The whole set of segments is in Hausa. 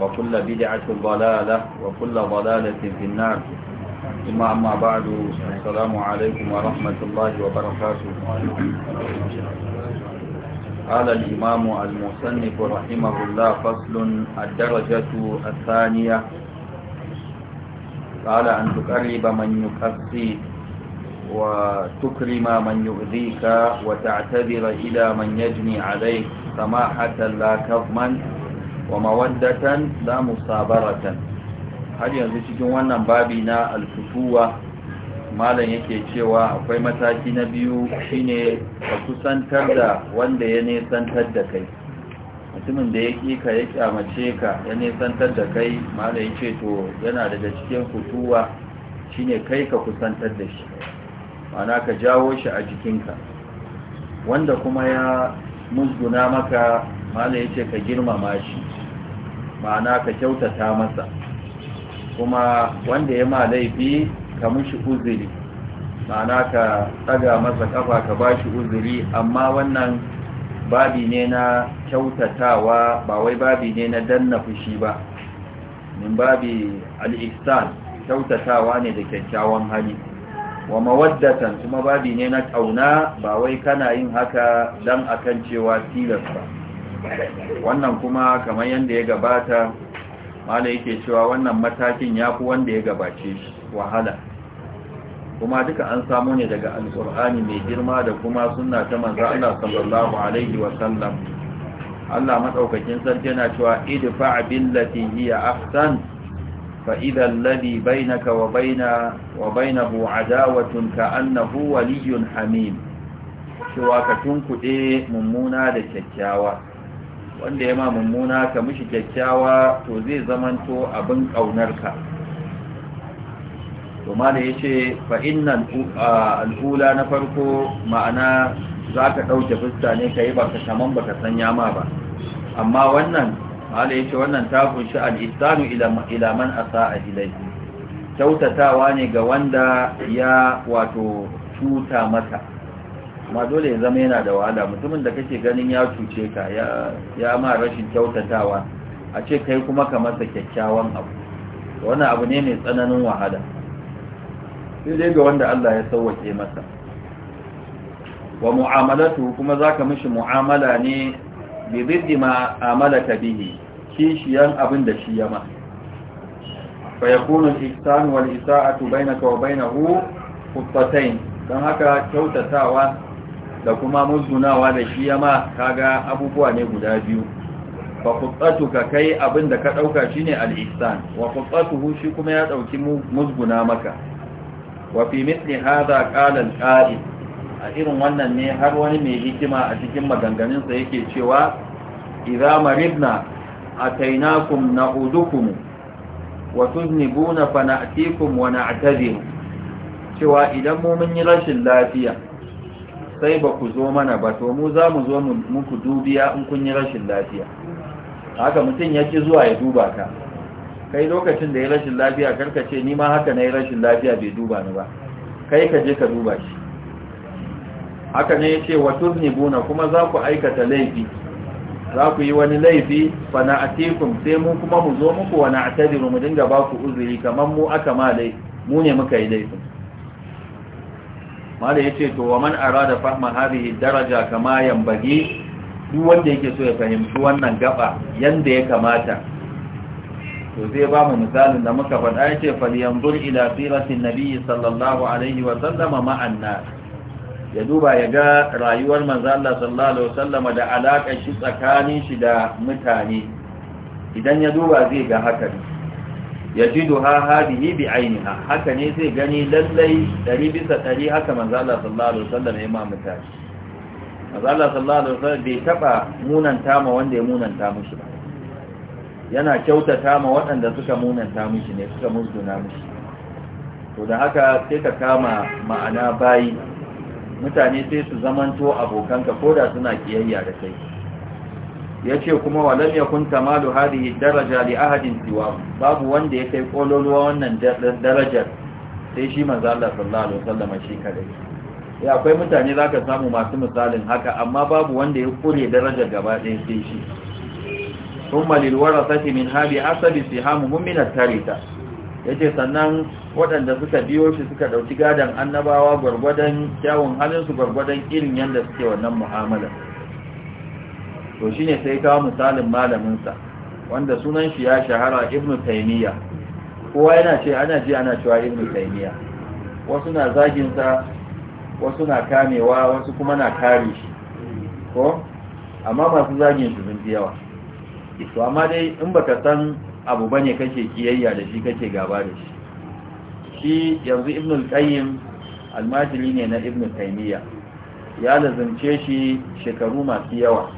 وكل بدعة ضلالة وكل ضلالة في النار ثم أما بعد السلام عليكم ورحمة الله وبركاته قال الإمام المصنف رحمه الله فصل الدرجة الثانية قال أن تقرب من يكفيك وتكرم من يؤذيك وتعتذر إلى من يجني عليك سماحة لا كظما wa mawaddatan la musabaratan har yanzu cikin wannan babi na alfutuwa malam yake cewa akwai mataki na biyu shine ka kusantar da wanda ya nesantar da kai mutumin da ya kika ya kyamace ka ya nesantar da kai malam ya ce to yana daga cikin futuwa shine kai ka kusantar da shi mana ka jawo shi a jikinka wanda kuma ya musguna maka malam ya ce ka girmama shi ma'ana ka kyautata masa kuma wanda ya ma laifi ka mushi uzuri ma'ana ka tsaga masa kafa ka bashi uzuri amma wannan babi ne na kyautatawa ba wai babi ne na danna fushi ba min babi al kyautatawa ne da kyakkyawan hali wa mawaddatan kuma babi ne na kauna ba wai kana yin haka dan akan cewa tilas ba wannan kuma kamar yadda ya gabata mala yake cewa wannan matakin ya fi wanda ya gabace shi wahala kuma duka an samu ne daga alkur'ani mai girma da kuma suna ta manzo Allah sallallahu alaihi wa sallam Allah madaukakin sarki yana cewa idfa billati hiya ahsan fa idha alladhi bainaka wa baina wa bainahu adawatun annahu waliyyun hamim cewa ka mummuna da kyakkyawa wanda ya ma mummuna ka mishi kyakkyawa to zai zamanto abin ƙaunarka to ma da ya ce fa'innan al'ula na farko ma'ana za ka ɗauke fuska ne ka yi ba ka shaman ba ka sanya ma ba amma wannan ma da ya ce wannan ta kunshi al'isanu ilaman asa a ilai kyautatawa ne ga wanda ya wato cuta mata ma dole ya zama yana da wahala mutumin da kake ganin ya cuce ka ya ma rashin kyautatawa a ce kai kuma ka masa kyakkyawan abu Wani abu ne mai tsananin wahala sai dai ga wanda Allah ya sauwake masa wa mu'amalatu kuma zaka mishi mu'amala ne bi biddi ma amalaka bihi kishiyan abin da shi yama fa yakunu al-ihsan wal isa'atu bainaka wa bainahu dan haka kyautatawa da kuma musgunawa da shi ya ma kaga abubuwa ne guda biyu fa ka kai abin da ka dauka shine al-ihsan wa qutsatuhu shi kuma ya ɗauki musguna maka wa fi mithli hadha qala al a irin wannan ne har wani mai hikima a cikin maganganun sa yake cewa idza maridna atainakum na'udukum wa tuznibuna fa na'tikum wa na'tadiru cewa idan mu mun yi rashin lafiya sai ba ku zo mana ba to mu za mu zo muku dubiya in kun yi rashin lafiya haka mutum ya ci zuwa ya duba ka kai lokacin da ya rashin lafiya karka ce ni ma haka na yi rashin lafiya bai duba ni ba kai ka je ka duba shi haka ne ya ce wa Buna kuma za ku aikata laifi za ku yi wani laifi fa na tekun, sai mu kuma mu zo muku wani a mu dinga ba ku uzuri kamar mu aka ma dai, mu ne muka yi laifin mala ce to wa man arada fahma hadhihi daraja kama yambagi duk wanda yake so ya fahimci wannan gaba yanda ya kamata to zai ba mu misalin da muka faɗa yace falyanzur ila sirati nabiy sallallahu alaihi wa sallama ma anna ya duba ya ga rayuwar manzo Allah sallallahu alaihi wa sallama da alaka shi tsakanin shi da mutane idan ya duba zai ga haka yajiduha hadihi bi ainiha haka ne sai gani lallai ɗari bisa ɗari haka manzo Allah sallallahu alaihi wasallam ya mamu manzo Allah sallallahu alaihi wasallam bai taba munanta ma wanda ya munanta mushi ba yana kyautata ma waɗanda suka munanta mushi ne suka musguna mushi to da haka sai ka kama ma'ana bayi mutane sai su zamanto abokanka ko da suna kiyayya da kai Ya ce, kuma walam yakun malu hadihi daraja li ahadin siwa babu wanda ya kai kololuwa wannan darajar sai shi manzo Allah sallallahu alaihi wasallam shi kadai ya akwai mutane zaka samu masu misalin haka amma babu wanda ya kure darajar gaba ɗaya sai shi thumma lil warasati min hadi asabi sihamuhum min at yace sannan waɗanda suka biyo shi suka dauki gadan annabawa gurgurdan kyawun halin su gurgurdan irin yanda suke wannan mu'amala to shine sai kawo misalin malaminsa wanda sunan shi ya shahara ibnu Taimiyya. kowa yana ce ana ji ana cewa ibnu Taimiyya. wasu na zagin wasu na kamewa wasu kuma na kare shi ko amma masu zagin shi sun yawa to amma dai in baka san abu bane kake kiyayya da shi kake gaba da shi shi yanzu ibnu qayyim almajili ne na ibnu Taimiyya. ya lazimce shi shekaru masu yawa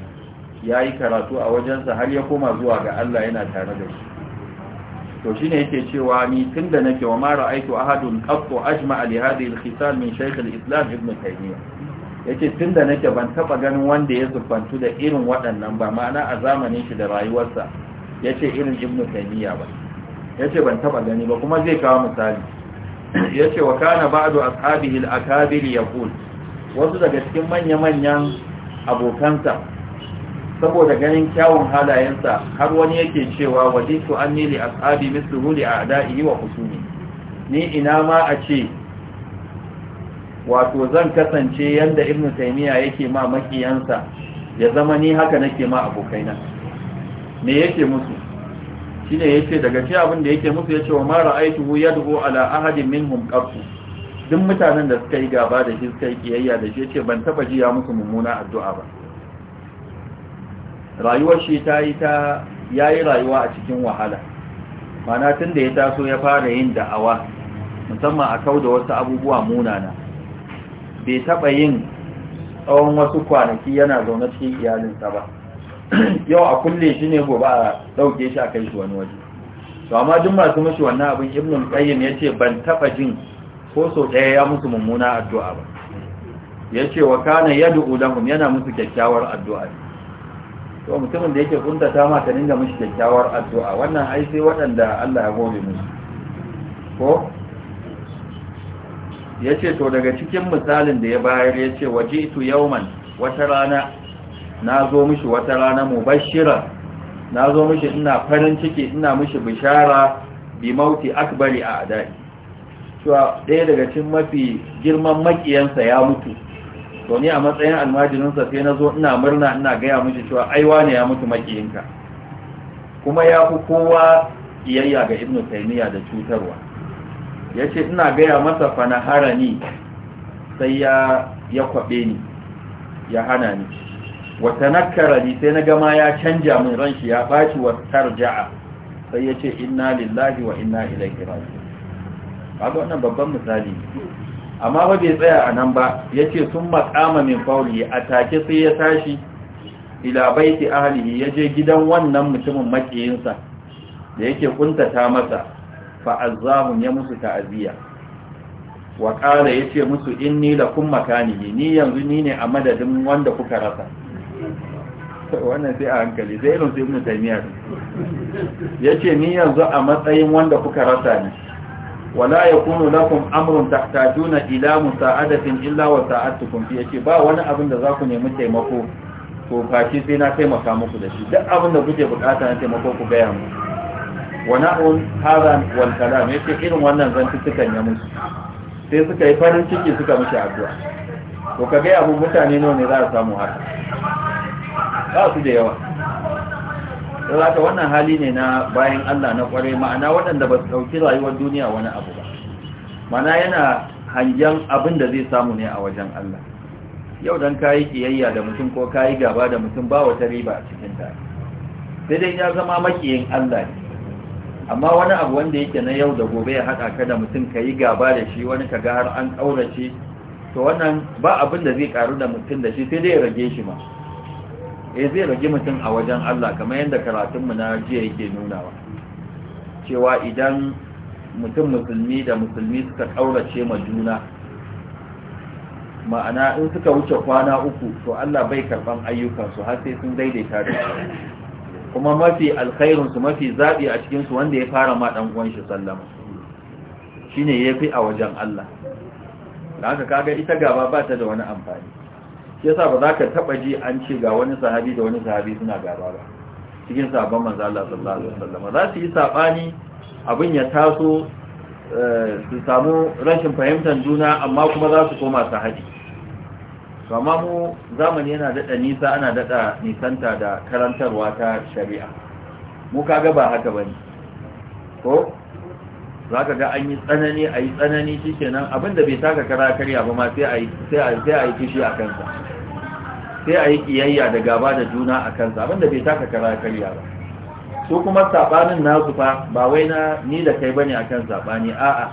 ya yi karatu a wajensa har ya koma zuwa ga Allah yana tare da shi to shi ne yake cewa ni tun da nake wa mara aiki ahadun ƙaƙo ajma a lihadi min shaikh islam ibn taymiya yace tun da nake ban taɓa ganin wanda ya siffantu da irin waɗannan ba ma'ana a zamanin shi da rayuwarsa ce irin ibn taymiya ba ce ban taɓa gani ba kuma zai kawo misali yace wa kana ba'du ashabihi al-akabir yaqul wasu daga cikin manya-manyan abokansa saboda ganin kyawun halayensa har wani yake cewa an nili a tsabi ashabi huli a a'da'ihi wa husumi ni ina ma a ce wato zan kasance yadda ibnu taimiyya yake ma makiyansa ya zama ni haka nake ma abokaina me yake musu shine ce, daga shi abinda yake musu ya ce wa mara ma ya yad'u ala ahadin minhum hunkarku duk mutanen da suka yi gaba da shi suka yi kiyayya da shi yace ban taba ji ya musu mummuna addu'a ba rayuwar shi ta yi ta yayi rayuwa a cikin wahala mana tun da ya taso ya fara yin da'awa musamman a kau da wasu abubuwa munana bai taba yin tsawon wasu kwanaki yana zaune cikin iyalinsa ba yau a kulle shi ne gobe a ɗauke shi a kai shi wani waje to amma duk masu mashi wannan abin ibnul qayyim yace ban taba jin ko so daya ya musu mummuna addu'a ba yace wa kana yad'u lahum yana musu kyakkyawar addu'a ne. to mutumin da yake kuntata ma ta dinga mishi kyakkyawar addu'a wannan ai sai waɗanda Allah ya gode musu ko yace to daga cikin misalin da ya bayar yace wajitu yawman wata rana nazo mishi wata rana mubashira nazo mishi ina farin ciki ina mishi bishara bi mauti akbari a adai cewa daya daga cikin mafi girman makiyansa ya mutu to ni a matsayin almajirinsa sai na zo ina murna ina gaya mishi cewa ai wane ya mutu makiyinka kuma ya fi kowa iyayya ga ibnu taymiya da cutarwa yace ina gaya masa fanahara ni sai ya ya kwabe ni ya hana ni wa tanakkara ni sai na ma ya canja min ran shi ya baci wa tarja'a sai yace inna lillahi wa inna ilaihi raji'un wannan babban misali amma ba bai tsaya a nan ba ya ce sun makama min fauli a take sai ya tashi ila baiti ahlihi ya je gidan wannan mutumin makiyinsa da yake kuntata masa fa'azzahun ya musu ta'aziyya wa ƙara ya ce musu inni la kun makani ni yanzu ni ne a madadin wanda kuka rasa wannan sai a hankali sai irin su ibn ya ce ni yanzu a matsayin wanda kuka rasa ne wala yakunu lakum amrun tahtajuna ila musa'adatin illa wa sa'atukum fiye yace ba wani abin da zaku nemi taimako ko fashi sai na taimaka muku da shi duk abin da kuke bukata na taimako ku gaya mu wa na'un haran wal kalam yace irin wannan zanci suka musu sai suka yi farin ciki suka mishi addu'a to ka ga abu mutane nawa ne za su samu haka ba su da yawa saboda wannan hali ne na bayan Allah na kware ma'ana waɗanda ba su ɗauki rayuwar duniya wani abu ba mana yana hangen abin da zai samu ne a wajen Allah yau don kayi ƙiyayya da mutum ko kayi gaba da mutum ba wata riba a cikin ta sai dai ya zama makiyin Allah ne amma wani abu wanda yake na yau da gobe ya haɗa ka da mutum yi gaba da shi wani ka ga har an ƙaurace to wannan ba abin da zai ƙaru da mutum da shi sai dai ya rage shi ma eh zai rage mutum a wajen Allah kamar yadda karatunmu na jiya yake nunawa cewa idan mutum musulmi da musulmi suka ƙaurace ma juna ma'ana in suka wuce kwana uku to Allah bai karban ayyukansu har sai sun daidaita da kuma mafi alkhairunsu mafi zaɓi a cikinsu wanda ya fara ma ɗan uwan shi sallama shine yafi a wajen Allah da haka kaga ita gaba ba ta da wani amfani shi yasa ba za ka taba ji an ce ga wani sahabi da wani sahabi suna gaba ba cikin sabon manzo Allah sallallahu alaihi wasallam za su yi sabani abin ya taso eh, su samu rashin fahimtar juna amma kuma za su koma sahabi kama mu zamani yana daɗa nisa ana daɗa nisanta da karantarwa ta shari'a mu kaga ba haka bane ko za ka ga an yi tsanani a yi tsanani shi kenan abinda bai taka kara karya ba ma sai a yi kishi a kansa sai a yi ƙiyayya da gaba da juna a kansa abinda bai taka kara karya ba su kuma saɓanin nasu fa ba wai na ni da kai bane akan saɓani a'a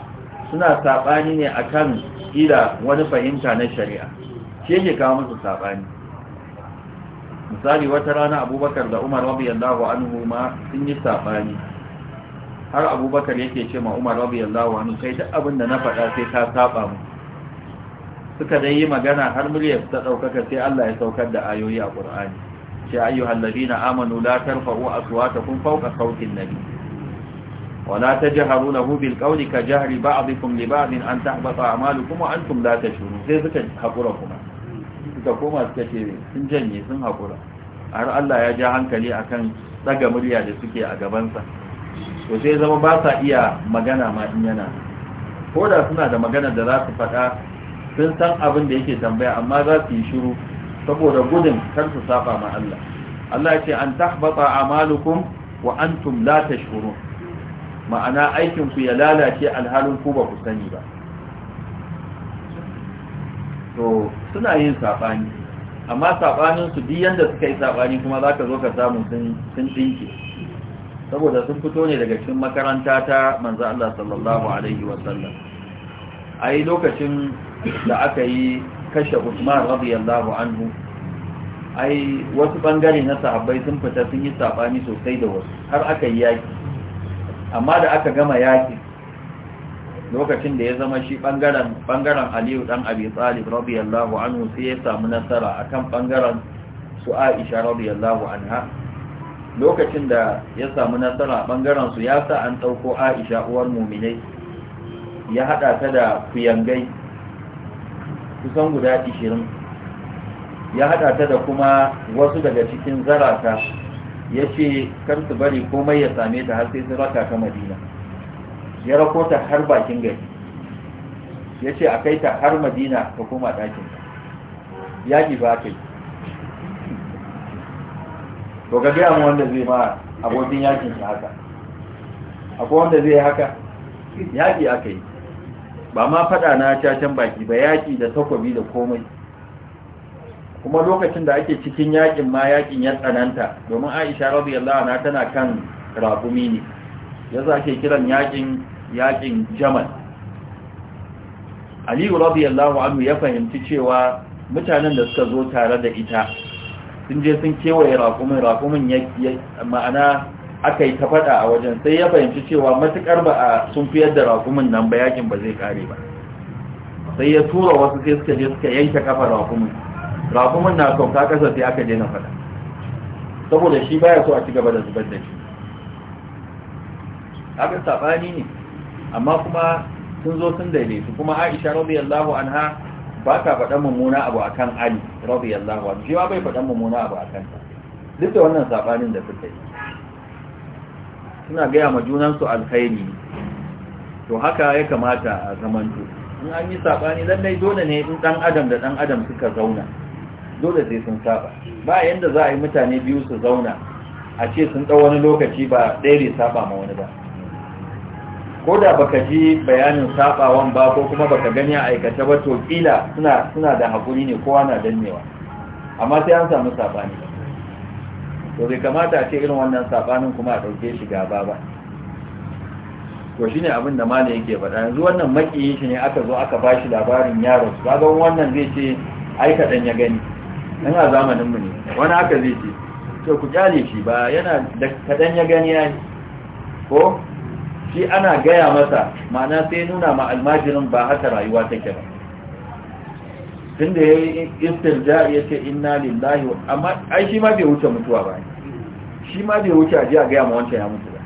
suna saɓani ne akan ƙila wani fahimta na shari'a shi ke kawo musu saɓani misali wata rana abubakar da umar radiyallahu anhu ma sun yi saɓani har abubakar yake ce ma umar radiyallahu anhu kai duk abin da na faɗa sai ka saɓa mu suka dai yi magana har miliyar ta ɗaukaka sai Allah ya saukar da ayoyi a ƙur'ani ce ayyuhal ladina amanu la tarfa'u aswatakum fawqa sautin nabi wa la tajharu lahu bil qawli ka jahri ba'dikum li ba'din an tahbata a'malukum wa antum la tashurun sai suka hakura kuma suka koma suka ce sun janye sun haƙura. har Allah ya ja hankali akan daga murya da suke a gabansa to sai zama ba sa iya magana ma in yana ko da suna da magana da za su faɗa sun san abin da yake tambaya amma za su yi shiru saboda gudun kar su saba ma Allah Allah ce an tahbata amalukum wa antum la tashkurun ma'ana aikin ku ya lalace alhalin ku ba ku sani ba to suna yin sabani amma sabanin su duk yanda suka yi sabani kuma zaka zo ka samu sun sun dinke saboda sun fito ne daga cikin makaranta ta manzo Allah sallallahu alaihi wa sallam ai lokacin da aka yi kashe Usman radiyallahu anhu ai wasu bangare na sahabbai sun fita sun yi sabani sosai da wasu har aka yi yaki amma da aka gama yaki lokacin da ya zama shi bangaren bangaren Aliyu dan Abi Talib radiyallahu anhu sai ya samu nasara akan bangaren su Aisha radiyallahu anha lokacin da ya samu nasara bangaren su ya sa an dauko Aisha uwar mu'minai ya hada ta da kuyangai kusan guda 20 ya hada ta da kuma wasu daga cikin zarata ya ce kar su bari komai ya same ta har sai su raka ta madina ya rako ta har bakin gari ya ce a kai ta har madina ka koma ɗakin yaƙi ba yi to ga gaya mu wanda zai ma abokin yakin shi haka akwai wanda zai haka yaƙi aka yi ba ma fada na cacan baki ba yaƙi da takwabi da komai kuma lokacin da ake cikin yaƙin ma yaƙin ya tsananta domin aisha radiyallahu anha tana kan raƙumi ne yasa ake kiran yaƙin yaƙin jamal aliyu radiyallahu anhu ya fahimci cewa mutanen da suka zo tare da ita sun je sun kewaye rakumin raƙumin ma'ana aka yi ta faɗa a wajen sai ya fahimci cewa matuƙar ba a sun fiye da rakumin nan ba yakin ba zai kare ba sai ya tura wasu sai suka je suka yanke kafa rakumin rakumin na sauka ƙasa sai aka daina faɗa saboda shi baya so a ci gaba da zubar da shi haka saɓani ne amma kuma sun zo sun daidaitu kuma aisha radiyallahu anha ba ta faɗan mummuna abu akan ali radiyallahu anha shi ma bai faɗan mummuna abu akan ta duk da wannan saɓanin da suka yi suna gaya ma junansu alkhairi to haka ya kamata a zamantu. in an yi saɓani lallai dole ne in ɗan adam da ɗan adam suka zauna dole sai sun saba ba yanda za a yi mutane biyu su zauna a ce sun ɗau wani lokaci ba ɗaya ne saba ma wani ba ko da baka ji bayanin sabawan ba ko kuma baka gani a aikace ba to kila suna da hakuri ne kowa na dannewa amma sai an samu saɓani ba to bai kamata a ce irin wannan sabanin kuma a ɗauke shi gaba ba to shine abin da malai yake faɗa yanzu wannan makiyin shi ne aka zo aka bashi labarin yaro kaga wannan zai ce ai kadan ya gani in a zamanin mu ne wani haka zai ce to ku kyale shi ba yana da kadan ya gani ya ko shi ana gaya masa ma'ana sai nuna ma almajirin ba haka rayuwa take ba tun da ya yi istirja ya ce 'Ina lillahi amma ai shi ma bai wuce mutuwa ba shi ma bai wuce a ji a gaya ma wancan ya mutu ba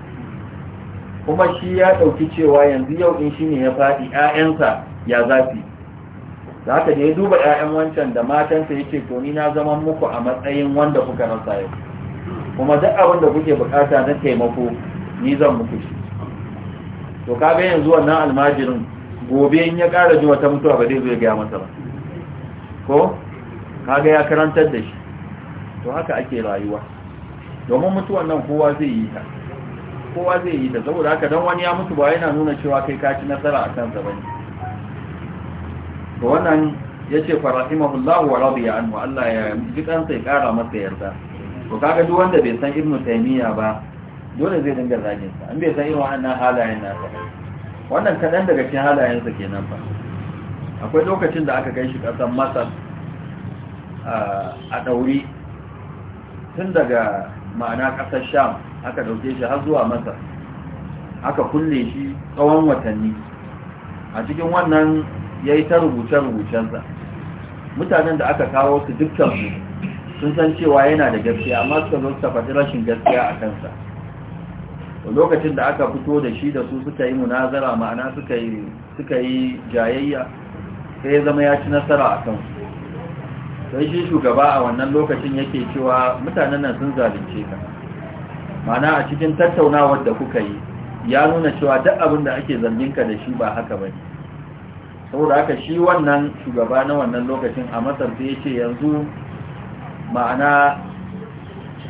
kuma shi ya ɗauki cewa yanzu yau in shi ne ya faɗi 'ya'yansa ya zafi da haka da ya duba 'ya'yan wancan da matansa ya ce to ni na zama muku a matsayin wanda kuka rasa yau kuma duk abin da kuke bukata na taimako ni zan muku shi to kaga yanzu wannan almajirin gobe in ya ƙara ji wata mutuwa ba zai zo ya gaya masa ba ko kaga ya karantar da shi to haka ake rayuwa domin mutuwan nan kowa zai yi ta kowa zai yi ta saboda haka don wani ya mutu ba yana nuna cewa kai ka ci nasara a kansa bane to wannan yace ce rahimahullahu wa radiya anhu Allah ya ji kansa ya kara masa yarda to kaga duk wanda bai san ibnu taymiya ba dole zai dinga zagin sa an bai san irin wannan halayen nasa wannan kadan daga cikin halayen sa kenan ba akwai lokacin da aka kai shi ƙasar masar a ɗauri tun daga ma'ana ƙasar sham aka ɗauke shi har zuwa masar aka kulle shi tsawon watanni a cikin wannan ya yi ta rubuce-rubucensa mutanen da aka kawo su dukkan su sun san cewa yana da gaskiya amma suka zo suka faɗi rashin gaskiya a kansa lokacin da aka fito da shi da su suka yi munazara ma'ana suka yi jayayya sai ya zama ya ci nasara a kansu sai shi shugaba a wannan lokacin yake cewa mutanen nan sun zalunce ka mana a cikin tattaunawar da kuka yi ya nuna cewa duk abin da ake zarginka da shi ba haka ba ne. saboda haka shi wannan shugaba na wannan lokacin a matsar sai ce yanzu ma'ana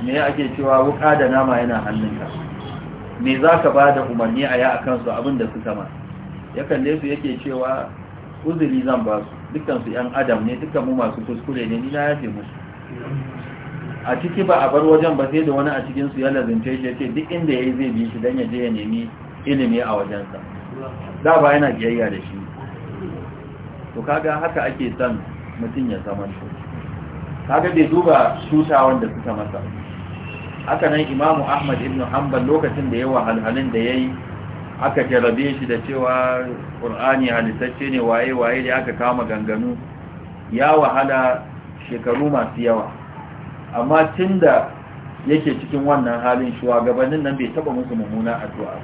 me ake cewa wuka da nama yana hannunka me za ka ba da umarni a ya a kansu abin da suka ma ya kalle su yake cewa uzuri zan ba su dukansu ‘yan adam ne dukkan mu masu kuskure ne ni na yafe musu a ciki ba a bar wajen ba sai da wani a cikinsu ya lazimce shi ce duk inda yayi zai bi shi dan ya je ya nemi ilimi a wajensa da ba yana biyayya da shi to kaga haka ake san mutum ya zama shi kaga bai duba cutawan da suka masa haka nan imamu ahmad ibn hanbal lokacin da yayi wahalhalin da yayi aka jarabe shi da cewa ƙur'ani halittacce ne waye-waye da aka kama ganganu ya wahala shekaru masu yawa amma tun da yake cikin wannan halin shugabannin nan bai taba musu mummuna addu'a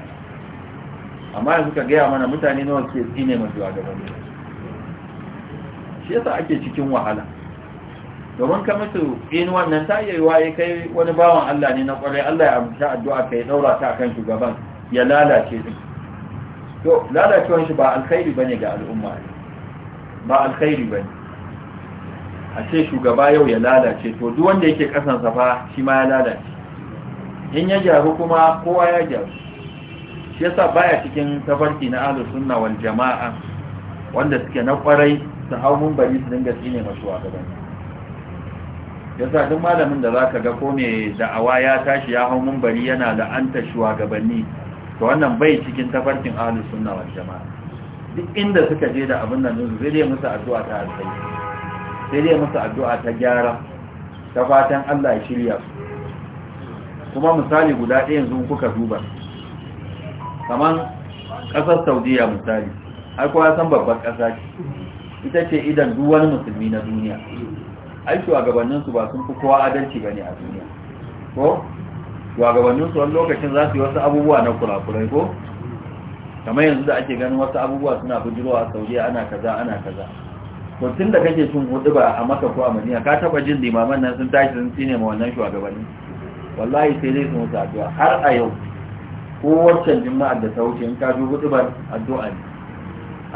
amma yanzu ka gaya mana mutane nawa ke tsine ma shugabannin shi yasa ake cikin wahala domin ka mutu in wannan ta yi waye kai wani bawan Allah ne na ƙwarai, Allah ya amsa addu'a kai daura ta kan shugaban ya lalace din to lalacewar shi ba alkhairi bane ga al'umma ba alkhairi bane a ce shugaba yau ya lalace to duk wanda yake kasan sa fa shi ma ya lalace in ya gyaru kuma kowa ya gyaru shi yasa baya cikin tafarki na ahlus sunna wal jama'a wanda suke na kwarai su hau mun bari su dinga tsine masu wa gaban yasa duk malamin da zaka ga ko me da'awa ya tashi ya hau mun bari yana la'anta shugabanni to wannan bai cikin tafarkin ahlus sunna wal jama'a duk inda suka je da abin nan zai dai musu addu'a ta alkai sai dai musu addu'a ta gyara ta fatan Allah ya shirya su kuma misali guda ɗaya yanzu kuka duba kaman ƙasar saudiya misali har ya san babbar ƙasa ce ita ce idan wani musulmi na duniya aiki a gabaninsu ba sun fi kowa adalci ba ne a duniya ko shugabannin su wani lokacin za su yi wasu abubuwa na kurakurai ko kamar yanzu da ake ganin wasu abubuwa suna bujirowa a saudiya ana kaza ana kaza to tun da kake cin hudu ba a maka ko a madina ka taba jin limaman nan sun tashi sun tsine ma wannan shugabannin wallahi sai dai su musu addu'a har a yau ko wancan jima'ar da ta wuce in ka hudu ba addu'a ne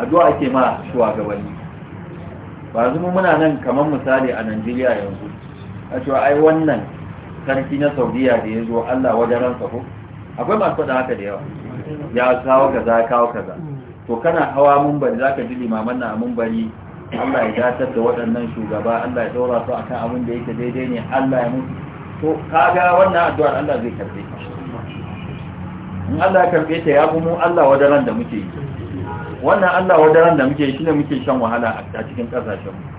addu'a ake ma shugabanni ba zumu muna nan kamar misali a Najeriya yanzu a cewa ai wannan sarki na saudiya da ya zo allah wajen ransa ko akwai masu faɗa haka da yawa ya kawo kaza ya kawo kaza to kana hawa mumbari za ka ji limaman na mumbari allah ya datar da waɗannan shugaba allah ya ɗora su akan abin da yake daidai ne allah ya mutu to ga wannan addu'ar allah zai karɓe in allah ya karɓe ta ya fi mu allah ran da muke yi wannan allah ran da muke yi shi ne muke shan wahala a cikin ƙasashenmu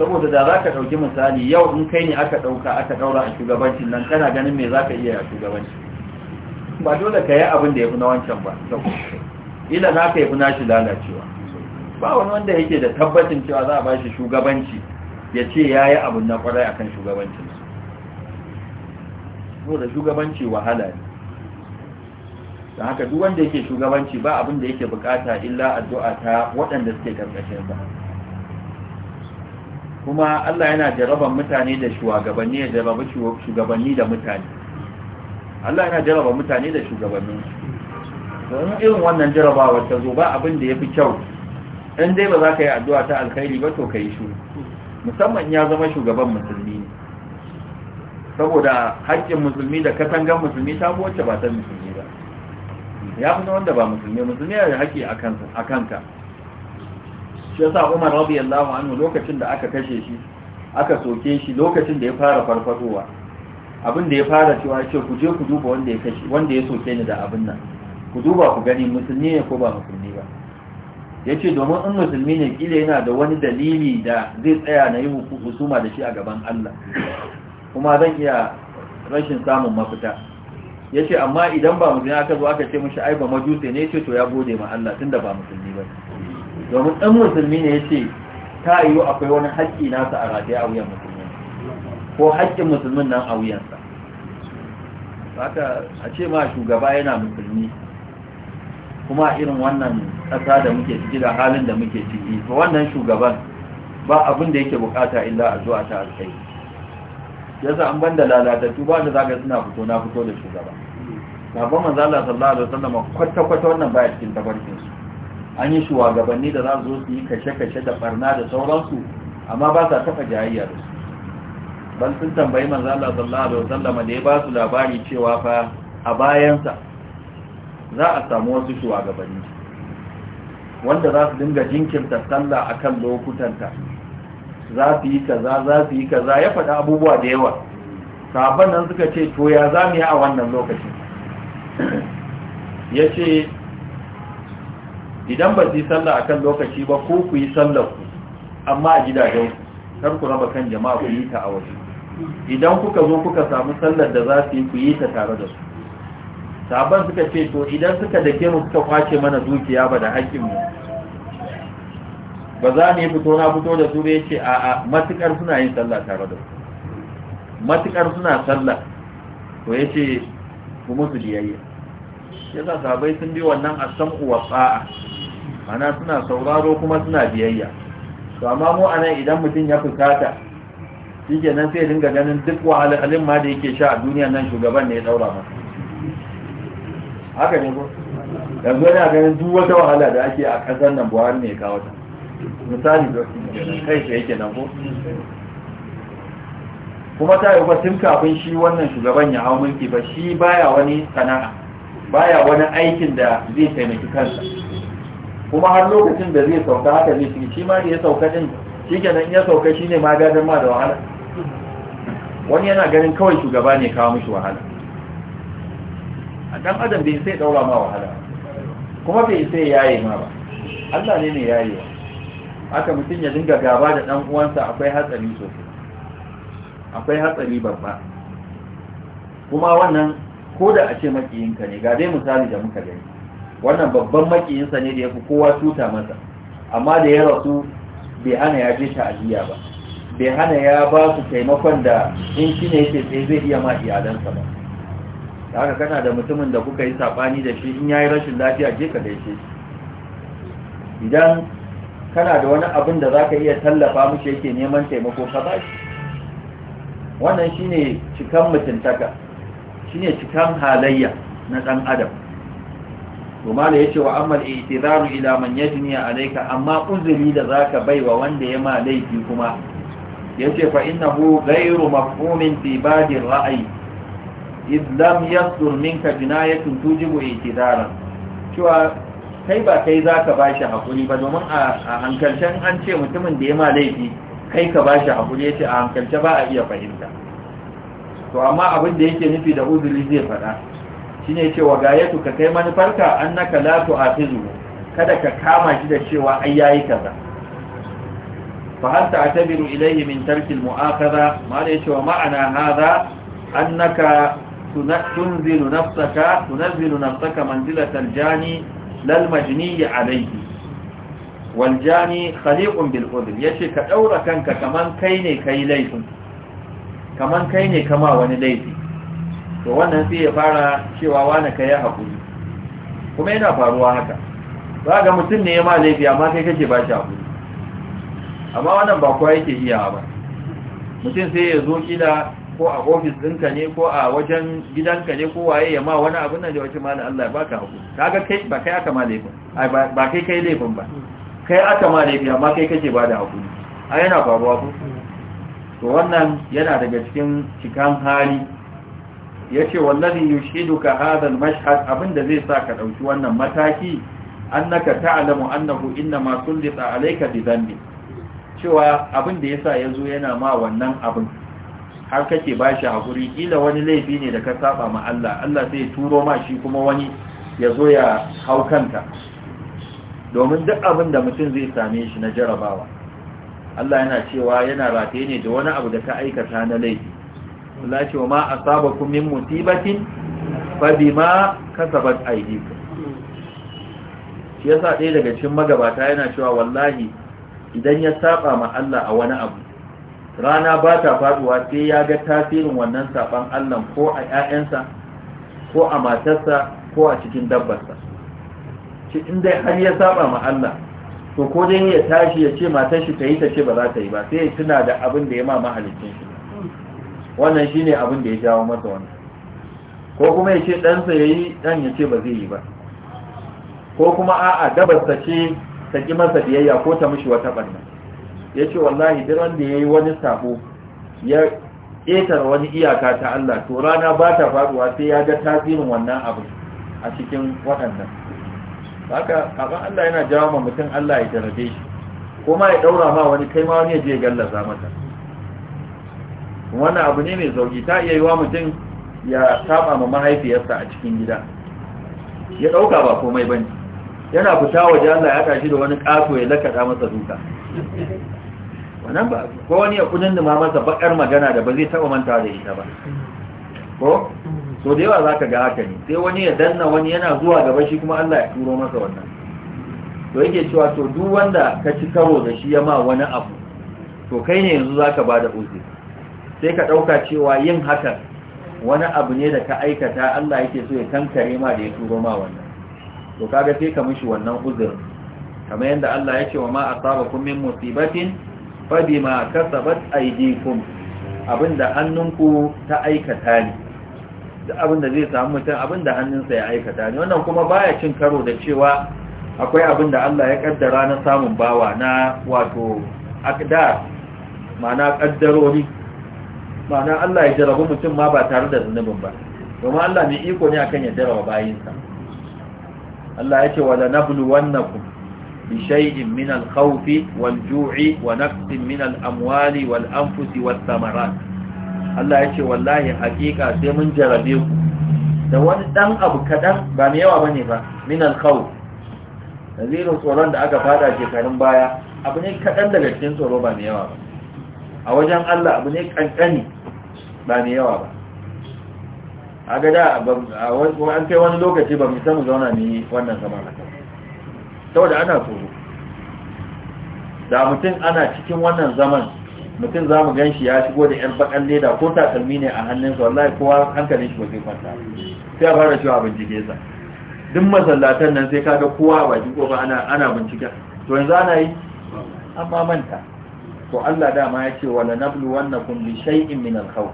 saboda da za ka ɗauki misali yau in kai ne aka ɗauka aka ɗaura a shugabancin nan kana ganin me za ka iya a shugabanci ba dole ka yi abin da ya fi na wancan ba ila na ka yi fi nashi lalacewa ba wani wanda yake da tabbacin cewa za a ba shi shugabanci ya ce ya yi abin na kwarai a kan shugabancinsu su da shugabanci wahala ne da haka duk wanda yake shugabanci ba abin da yake bukata illa addu'a ta waɗanda suke karkashin ba kuma Allah yana jaraban mutane da shugabanni ya jaraba shugabanni da mutane Allah yana jaraba mutane da shugabanni in irin wannan jarabawar ta zo ba abin da ya fi kyau in dai ba za ka yi addu'a ta alkhairi ba to ka yi shi musamman ya zama shugaban musulmi saboda haƙƙin musulmi da katangan musulmi ta fi wacce ba ta musulmi ba ya fi wanda ba musulmi musulmi yana da haƙƙi a kanka shi yasa Umar radiyallahu anhu lokacin da aka kashe shi aka soke shi lokacin da ya fara farfadowa abin da ya fara cewa ya ce ku je ku duba wanda ya kashe wanda ya soke ni da abin nan ku duba ku gani musulmi ne ko ba musulmi ba ya ce domin in musulmi ne kila yana da wani dalili da zai tsaya na yi husuma da shi a gaban Allah kuma zan iya rashin samun mafita ya ce amma idan ba musulmi aka zo aka ce mishi ai ba majuse ne ce to ya gode ma Allah tunda ba musulmi ba domin ɗan musulmi ne ya ce ta yiwu akwai wani haƙƙi nasa a rataye a wuyan musulmi ko haƙƙin musulmin nan a wuyansa haka a ce ma shugaba yana musulmi kuma irin wannan ƙasa da muke ciki da halin da muke ciki to wannan shugaban ba abin da yake bukata illa a zuwa ta alkai yasa an banda lalatattu ba da zaga suna fito na fito da shugaba sabon manzo Allah sallallahu alaihi wasallam kwata kwata wannan baya cikin tabarkin su an yi shugabanni da za zo su yi kashe-kashe da barna da sauransu amma ba sa taɓa jayayya da su ban sun tambayi manzo Allah sallallahu alaihi da ya ba su labari cewa fa a bayansa za a samu wasu shugabanni wanda za su dinga jinkirta sallah kan lokutanta za su yi kaza za su yi kaza ya faɗa abubuwa da yawa sahabban nan suka ce to ya za mu yi a wannan lokacin ya ce idan ba su yi sallah akan lokaci ba ko ku yi sallah ku amma a gidajen kar ku raba kan jama'a ku yi ta a waje idan kuka zo kuka samu sallar da za su yi ku yi ta tare da su Sabon suka ce to idan suka dake mu suka kwace mana dukiya ba da haƙƙin mu ba za mu yi fito na fito da su ya ce a a matukar suna yin sallah tare da su matukar suna sallah to ya ce ku musu biyayya ya sa sun bi wannan asam uwa sa'a mana suna sauraro kuma suna biyayya to amma mu anan idan mutum ya fusata shi nan sai dinga ganin duk wahalhalin ma da yake sha a duniya nan shugaban ne ya daura masa haka ne ko yanzu yana ganin duk wata wahala da ake a kasar nan buhari ne ya kawo ta misali da kai sai yake nan ko kuma ta yi tun kafin shi wannan shugaban ya hau mulki ba shi baya wani sana'a baya wani aikin da zai taimaki kansa kuma har lokacin da zai sauka haka zai fi shi ma da ya sauka din shi kenan ya sauka shine ma gadon ma da wahala wani yana ganin kawai shugaba ne kawo mishi wahala a dan adam bai sai daura ma wahala kuma bai sai yaye ma ba Allah ne ne yaye aka mutum ya dinga gaba da dan uwansa akwai hatsari sosai akwai hatsari babba kuma wannan ko da a ce makiyinka ne ga dai misali da muka gani wannan babban makiyinsa ne da ya fi kowa tuta masa amma da ya rasu bai hana ya je ta'aziyya ba bai hana ya ba su taimakon da in shi ne yake sai zai iya ma iyalansa ba da haka kana da mutumin da kuka yi saɓani da shi in ya yi rashin lafiya je ka da shi idan kana da wani abin da za ka iya tallafa shi yake neman taimako ka ba shi wannan shi ne cikan mutuntaka shi ne cikan halayya na ɗan adam kuma da ya ce wa amal itizaru ila man yajni alayka amma uzuri da za ka bai wa wanda ya ma laifi kuma yace fa innahu ghayru mafhumin fi badi ra'ayi id lam yasdur minka jinayatun tujibu itizara cewa kai ba kai zaka bashi hakuri ba domin a hankalcen an ce mutumin da ya ma laifi kai ka bashi hakuri yace a hankalce ba a iya fahimta to amma abin da yake nufi da uzuri zai faɗa ne cewa gayatu ka kai manufarka latu a fizu, kada ka kama shi da cewa ai yayi kaza fa hal ta'tabiru ilayhi min tarki al-mu'akhadha ma da yace wa ma'ana hadha annaka tunzilu nafsaka tunzilu nafsaka manzilata al-jani lal majni alayhi wal jani khaliqun bil yace ka daura kanka kaman kai ne kai laifin kaman kai ne kama wani laifi to wannan sai ya fara cewa wane ka yi haƙuri kuma yana faruwa haka za ga mutum ne ya ma laifi amma kai kake ba shi haƙuri amma wannan ba kowa yake iya ba mutum sai ya zo kila ko a ofis ɗinka ne ko a wajen gidanka ne ko waye ya ma wani abin nan da wace ma Allah ba ka haƙuri ga kai ba kai aka ma laifin ba kai kai laifin ba kai aka ma laifi amma kai kake ba da haƙuri a yana faruwa ko to wannan yana daga cikin cikan hali Ya ce, yace wallazi ka hadha al-mashhad abinda zai sa ka ɗauki wannan mataki annaka ta'lamu annahu inna ma sulita alayka bi dhanbi cewa abinda yasa yazo yana ma wannan abin har kake bashi hakuri kila wani laifi ne da ka saba ma Allah Allah zai turo ma shi kuma wani yazo ya hau kanta. domin duk abin da mutum zai same shi na jarabawa Allah yana cewa yana rataye ne da wani abu da ka aikata na laifi Allah ce wa ma asabakum min musibatin fa bima kasabat aydikum shi yasa ɗaya daga cikin magabata yana cewa wallahi idan ya saba ma Allah a wani abu rana ba ta faduwa sai ya ga tasirin wannan saban Allah ko a ƴaƴansa ko a matarsa ko a cikin dabbarsa shi dai har ya saba ma Allah to ko dai ya tashi ya ce matar shi ta yi ta ce ba za ta yi ba sai ya tuna da abin da ya ma mahalicin shi wannan shi ne abin da ya jawo masa wannan ko kuma ya ce ɗansa ya yi ɗan ya ce ba zai yi ba ko kuma a'a dabarsa ce ta ƙi masa biyayya ko ta mishi wata ɓanna ya ce wallahi duk wanda ya yi wani sabo ya ƙetar wani iyaka ta Allah to rana ba ta faɗuwa sai ya ga tasirin wannan abu a cikin waɗannan haka abin Allah yana jawo ma mutum Allah ya jarabe shi kuma ya ɗaura ma wani kai ma wani ya je gallaza mata wannan abu ne mai zauki ta iya yi wa mutum ya saba ma mahaifiyarsa a cikin gida ya ɗauka ba komai ba ne yana fita waje Allah ya tashi da wani ƙato ya lakata masa duka wannan ba ko wani ya kudin da masa bakar magana da ba zai taɓa manta da ita ba ko so da yawa za ka ga haka ne sai wani ya danna wani yana zuwa gaba shi kuma Allah ya turo masa wannan to yake cewa to duk wanda ka ci karo da shi ya ma wani abu to kai ne yanzu za ka ba da uzuri sai ka ɗauka cewa yin hakan wani abu ne da ka aikata Allah yake so ya kankare ma da ya turo ma wannan to kaga sai ka mishi wannan uzur kamar yadda Allah ya ce wa ma asabakum min musibatin fa bima kasabat aydikum abinda hannunku ta aikata ne duk abinda zai samu mutum abinda hannunsa ya aikata ne wannan kuma baya cin karo da cewa akwai abinda Allah ya kaddara na samun bawa na wato akda ma'ana kaddarori ma'ana Allah ya jarabi mutum ma ba tare da zunubin ba domin Allah mai iko ne akan ya jaraba bayinsa Allah ya ce wala nabluwannakum bi shay'in min al-khawf wal-ju'i wa naqsin min al-amwali wal-anfusi wal thamarat Allah ya ce wallahi hakika sai mun jarabe ku da wani dan abu kadan ba mai yawa bane ba min al-khawf nazirin tsoron da aka fada shekarun baya abu ne kadan daga cikin tsoro ba mai yawa ba a wajen Allah abu ne kankani ba yawa ba a gada an kai wani lokaci ba mu zauna ne wannan zama haka da ana tsoro da mutum ana cikin wannan zaman mutum za mu gan shi ya shigo da yan bakan leda ko takalmi ne a hannunsa wallahi kowa hankalin shi ba zai kwanta sai a fara cewa bincike sa duk masallatan nan sai kaga kowa a ko ba ana ana bincike to yanzu ana yi amma manta to Allah dama ya ce wala nablu wannakum bi shay'in min al-khawf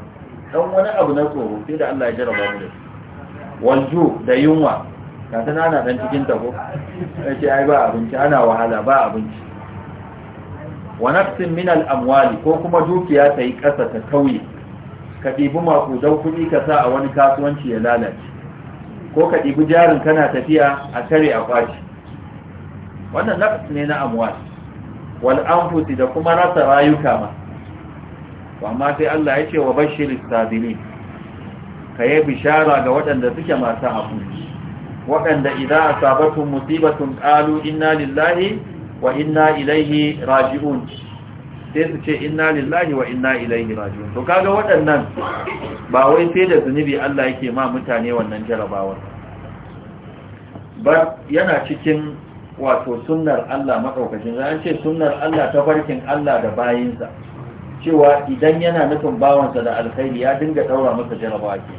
dan wani abu na tsoro sai da Allah ya jarraba mu da walju da yunwa ka tana ana dan cikin tago sai ai ba abinci ana wahala ba abinci wa nafsin min al-amwali ko kuma dukiya ta yi kasa ta kauye ka ɗibi don kuɗi ka sa a wani kasuwanci ya lalace ko ka ɗibi jarin kana tafiya a kare a kwaci wannan nafs ne na amwali wal anfusi da kuma rasa rayuka ma amma sai Allah ya ce wa bashiris sabili ka yi bishara ga waɗanda suke masu haƙuri waɗanda idan a sabatun musibatun ƙalu inna lillahi wa inna ilaihi raji'un sai su ce inna lillahi wa inna ilaihi raji'un to kaga waɗannan ba wai sai da zunubi Allah yake ma mutane wannan jarabawar ba yana cikin wato sunnar Allah maɗaukacin zai ce sunnar Allah ta farkin Allah da bayinsa cewa idan yana nufin bawansa da alkhairi ya dinga daura masa jarabawa ke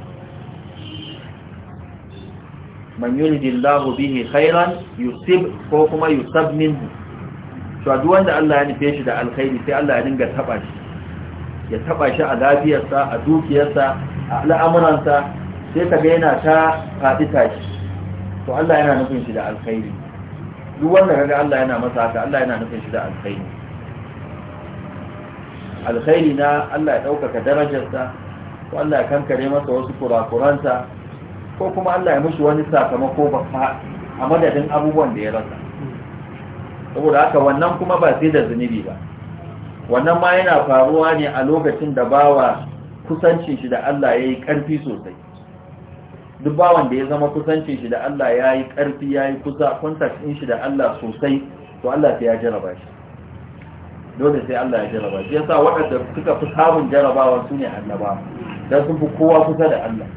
man yuridillahu bihi khairan yusib ko kuma yusab minhu to duk wanda Allah ya nufe shi da alkhairi sai Allah ya dinga taba shi ya taba shi a lafiyarsa a dukiyarsa a al'amuransa sai ka ga yana ta faɗi tashi to Allah yana nufin shi da alkhairi duk wanda kaga Allah yana masa haka Allah yana nufin shi da alkhairi alkhairi na Allah ya ɗaukaka darajarsa ko Allah ya kankare masa wasu kurakuransa ko kuma Allah ya mushi wani sakamako babba a madadin abubuwan da ya rasa saboda haka wannan kuma ba sai da zunubi ba wannan ma yana faruwa ne a lokacin da bawa kusancin shi da Allah ya yi ƙarfi sosai duk bawan da ya zama kusancin shi da Allah ya yi ƙarfi ya yi kusa kwantar shi da Allah sosai to Allah ta ya jaraba shi dole sai Allah ya jaraba shi yasa waɗanda suka fi samun jarabawa su ne annaba dan sun fi kowa kusa da Allah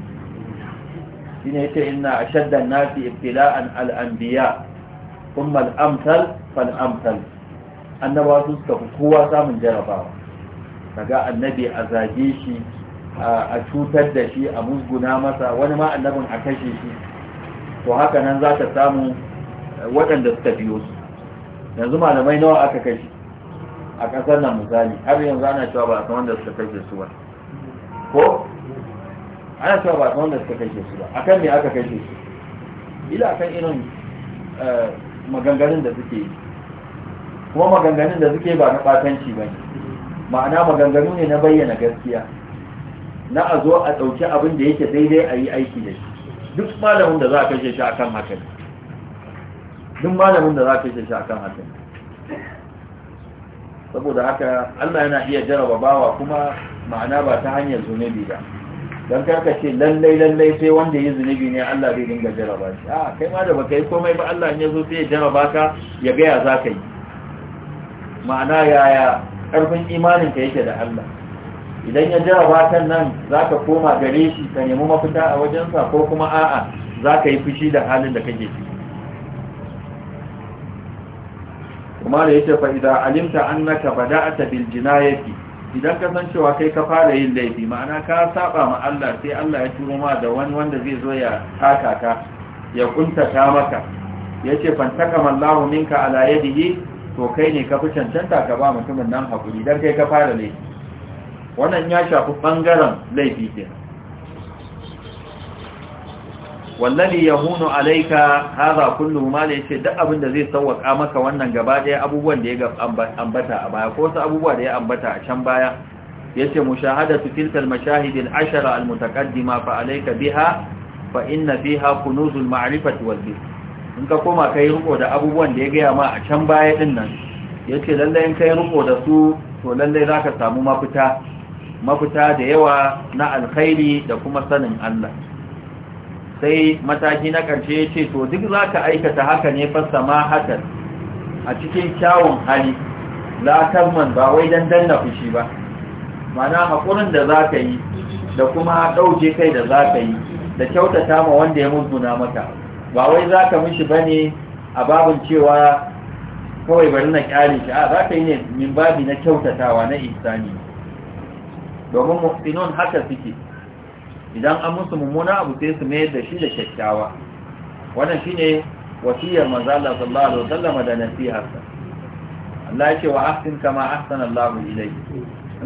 shine yace inna ashadda an-nasi ibtila'an al fal amtal. annaba su suka fi kowa samun jarabawa kaga annabi a zage shi a cutar da shi a musguna masa wani ma annabin a kashe shi to haka nan za ta samu waɗanda suka biyo su yanzu malamai nawa aka kashe a ƙasar nan misali har yanzu ana cewa ba a san wanda suka kashe su ba ko ana cewa ba a san wanda suka kashe su ba kan me aka kashe su ila kan irin eh, maganganun da suke yi kuma maganganun da suke ba na fatanci ba ne, ma'ana maganganu ne na bayyana gaskiya na a zo a ɗauki abin da yake daidai a yi aiki da shi duk malamin da za a kashe shi akan hakan duk malamin da za a kashe shi akan hakan saboda haka Allah yana iya jaraba bawa kuma ma'ana ba ta hanyar zunubi ba don karka ce lallai lallai sai wanda yi zunubi ne Allah zai dinga jaraba shi a kai ma da baka yi komai ba Allah ya zo sai jaraba ka ya gaya za ka yi ma'ana yaya ƙarfin imaninka yake da Allah idan ya jaraba kan nan za ka koma gare shi ka nemi mafita a wajensa ko kuma a'a za ka yi fushi da halin da kake ciki kuma da yake fa idan alimta annaka bada'ata bil jinayati idan ka san cewa kai ka fara yin laifi ma'ana ka saba ma Allah sai Allah ya turo ma da wani wanda zai zo ya taka ka ya ta maka yace fantaka mallahu minka ala yadihi to kai ne ka fi cancanta ka ba mutumin nan hakuri dan kai ka fara laifi wannan ya shafi ɓangaren laifi kenan ya yahunu alayka haza kullu mali da yace duk abin da zai sauwaka maka wannan gaba daya abubuwan da ya ambata a baya ko su abubuwa da ya ambata a can baya yace mushahadatu tilkal mashahid al-ashara al-mutaqaddima fa alayka biha fa inna fiha kunuzul ma'rifati wal bi in ka koma kai riko da abubuwan da ya gaya ma a can baya din nan yace lalle in kai riko da su to lalle zaka samu mafita mafita da yawa na alkhairi da kuma sanin Allah sai mataki na ƙarshe ya ce to duk za ka aikata haka ne fasta ma hatar a cikin kyawun hali latarman ba wai don danna fushi ba mana haƙurin da za ka yi da kuma ɗauke kai da za ka yi da kyautata ma wanda ya mutuna maka ba wai za ka mishi ba ne a babin cewa kawai bari na ƙyale shi a za ka yi ne min babi na kyautatawa na isani domin mu'minun haka suke idan an musu mummuna abu sai su mayar da shi da kyakkyawa wannan shine wasiyar manzo Allah sallallahu alaihi wasallam da nasiharsa Allah yake wa ahsin kama ahsana Allah ilayk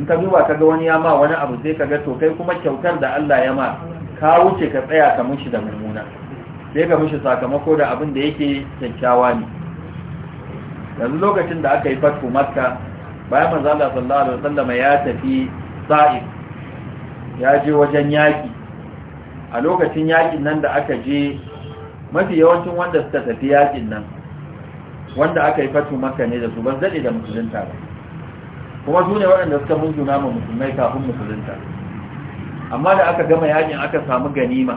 in ka duba kaga wani ya ma wani abu sai kaga to kai kuma kyautar da Allah ya ma ka wuce ka tsaya ka mushi da mummuna sai ka mushi sakamako da abin da yake kyakkyawa ne yanzu lokacin da aka yi fatu makka bayan manzo Allah sallallahu alaihi wasallam ya tafi sa'id ya je wajen yaki a lokacin yakin nan da aka je mafi yawancin wanda suka tafi yakin nan wanda aka yi fatu maka ne da su ban zade da musulunta ba kuma su ne waɗanda suka mun juna ma musulmai kafin musulunta amma da aka gama yakin aka samu ganima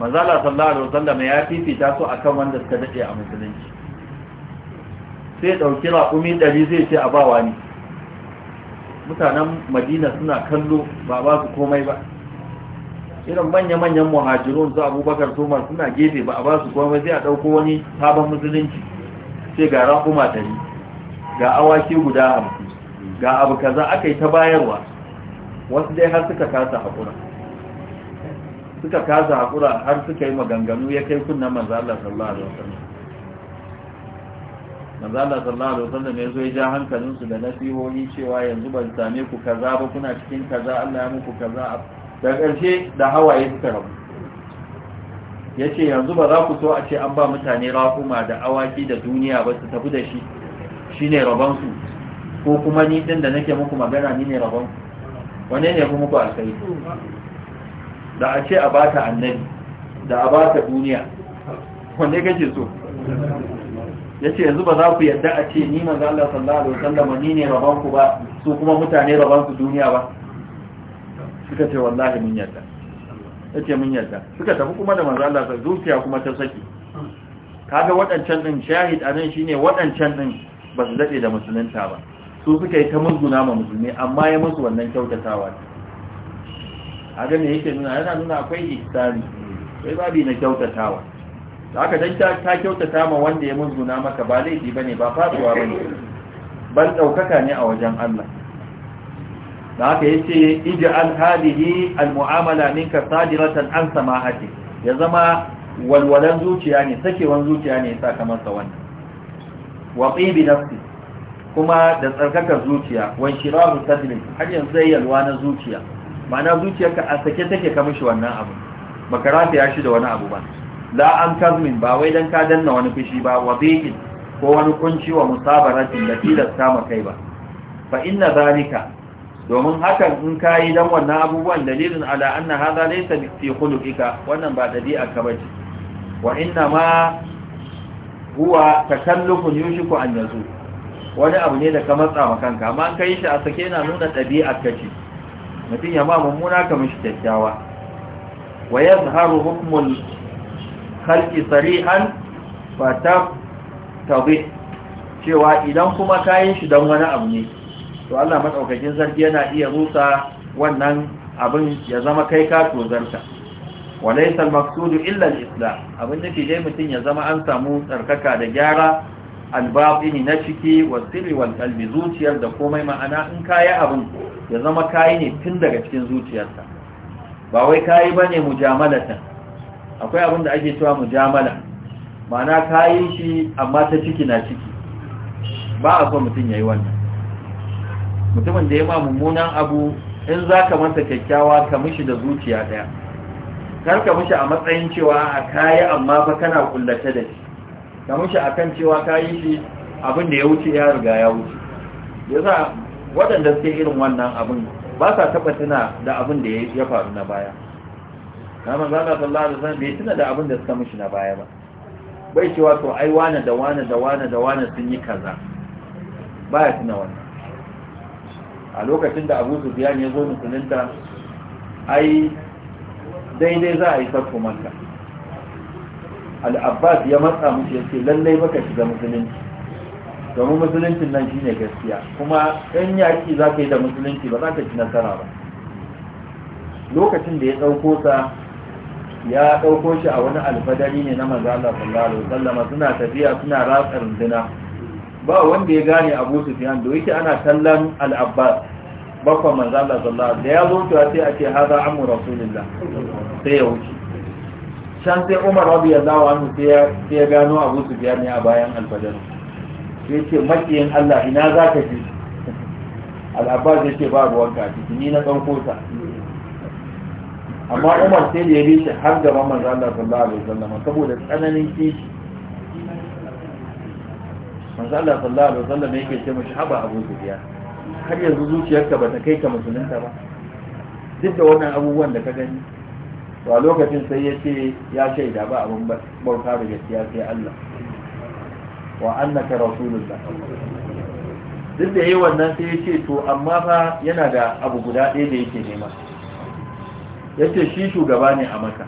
mazala sallallahu alaihi wasallam ya fifita su akan wanda suka dade a musulunci sai dauki raƙumi ɗari zai ce a bawa ni mutanen madina suna kallo ba ba su komai ba irin manya-manyan muhajirun su abubakar tomar suna gefe ba a ba su kuma zai a ɗauko wani sabon musulunci sai ga kuma ɗari ga awaki guda hamsin ga abu kaza aka yi ta bayarwa wasu dai har suka kasa haƙura suka kasa haƙura har suka yi maganganu ya kai kunna manzo Allah sallallahu alaihi wasallam manzo Allah sallallahu alaihi wasallam ya zo ya ja hankalinsu da nasihohi cewa yanzu ban same ku kaza ba kuna cikin kaza Allah ya muku kaza da ƙarshe da hawaye suka rabu ya ce yanzu ba za ku so a ce an ba mutane raƙuma da awaki da duniya ba su tafi da shi shi ne rabonsu ko kuma ni ɗin da nake muku magana ni ne rabon wane ne kuma ku alkai da a ce a ba ta annabi da a ba ta duniya wanne kake so ya ce yanzu ba za ku yadda a ce ni manzo Allah sallallahu alaihi wasallam ni ne rabon ku ba su kuma mutane rabon su duniya ba suka ce wallahi mun yarda yace mun yarda suka tafi kuma da manzo Allah zuciya kuma ta saki kaga waɗancan din shahid anan shine waɗancan din ba su dade da musulunta ba su suka yi ta musguna ma musulmi amma ya musu wannan kyautatawa a ga me yake nuna yana nuna akwai ihsani sai babi na kyautatawa haka dan ta kyautata ma wanda ya musguna maka ba laifi bane ba faduwa bane ban daukaka ne a wajen Allah da haka ce, iji hadhihi almu'amala minka sadiratan an samahati ya zama walwalan zuciya ne sakewan zuciya ne yasa kamar sa wannan wa qibi nafsi kuma da tsarkakar zuciya wan shirahu sadri har yanzu zai yalwa na zuciya ma'ana zuciyarka a sake take ka wannan abu baka rafiya shi da wani abu ba la an kazmin ba wai don ka danna wani fushi ba wa bikin ko wani kunci wa musabaratin da tilasta ma kai ba fa inna zalika domin hakan in ka yi don wannan abubuwan dalilin ala anna haza laysa fi khuluqika wannan ba dabi'a ka bace wa inna ma huwa takallufun yushiku an yazu wani abu ne da ka matsa ma kanka amma an kai shi a sake na nuna ɗabi'a kace. ce mutum ya ma mummuna ka mishi kyakkyawa wa yazharu hukmul khalqi sarihan fatab tabi cewa idan kuma kayan shi don wani abu ne to Allah matsaukakin sarki yana iya rusa wannan abin ya zama kai ka walaysa walaisal maqsudu illa al-islam abin da ke dai mutum ya zama an samu tsarkaka da gyara albabini na ciki wa sirri wal qalbi zuciyar da komai ma'ana in kai abin ya zama kai ne tun daga cikin zuciyarka ba wai kai bane mujamalatan akwai abin da ake cewa mujamala ma'ana kai shi amma ta ciki na ciki ba a so mutun yayi wannan mutumin da ya ma mummunan abu in za ka masa kyakkyawa ka mishi da zuciya daya kar ka mishi a matsayin cewa a kayi amma fa kana kullace da shi ka mishi a kan cewa ka yi shi abin da ya wuce ya riga ya wuce Ya sa waɗanda suke irin wannan abin ba sa taɓa tuna da abin da ya faru na baya na ka sallallahu alaihi wasallam bai tuna da abin da suka mishi na baya ba bai cewa to ai wane da wane da wane da wane sun yi kaza baya tuna wannan a lokacin da abu sufiyan ya zo musulunta ai daidai za a yi sarku maka al'abbas ya matsa musu ya lallai baka shiga musulunci domin musuluncin nan shine gaskiya kuma ɗan yaki za ka yi da musulunci ba za ka ci nasara ba lokacin da ya ɗauko sa ya ɗauko shi a wani alfadari ne na manzala sallallahu alaihi wasallam suna tafiya suna ratsa runduna ba wanda ya gane abu su sufiyan da yake ana tallan al'abbas bakwan manzo Allah da ya zo to sai a ce haza amru rasulullah sai ya wuce can sai Umar radiyallahu ya sai ya sai ya gano Abu Sufyan ne a bayan alfajar sai ya ce makiyin Allah ina za ka je al ya ce ba ruwan ka ciki ni na dauko ta amma Umar sai da ya bi shi har gaban manzo Allah sallallahu saboda tsananin kishi manzo Allah sallallahu alaihi wasallam yake ce mushi haba Abu Sufyan har yanzu zuciyarka bata kai ka musulunta ba duk da wannan abubuwan da ka gani to a lokacin sai ya ce ya shaida ba abin bauta da gaskiya sai Allah wa annaka rasulullah duk da yayi wannan sai ya ce to amma fa yana da abu guda ɗaya da yake nema yace shi shugaba ne a maka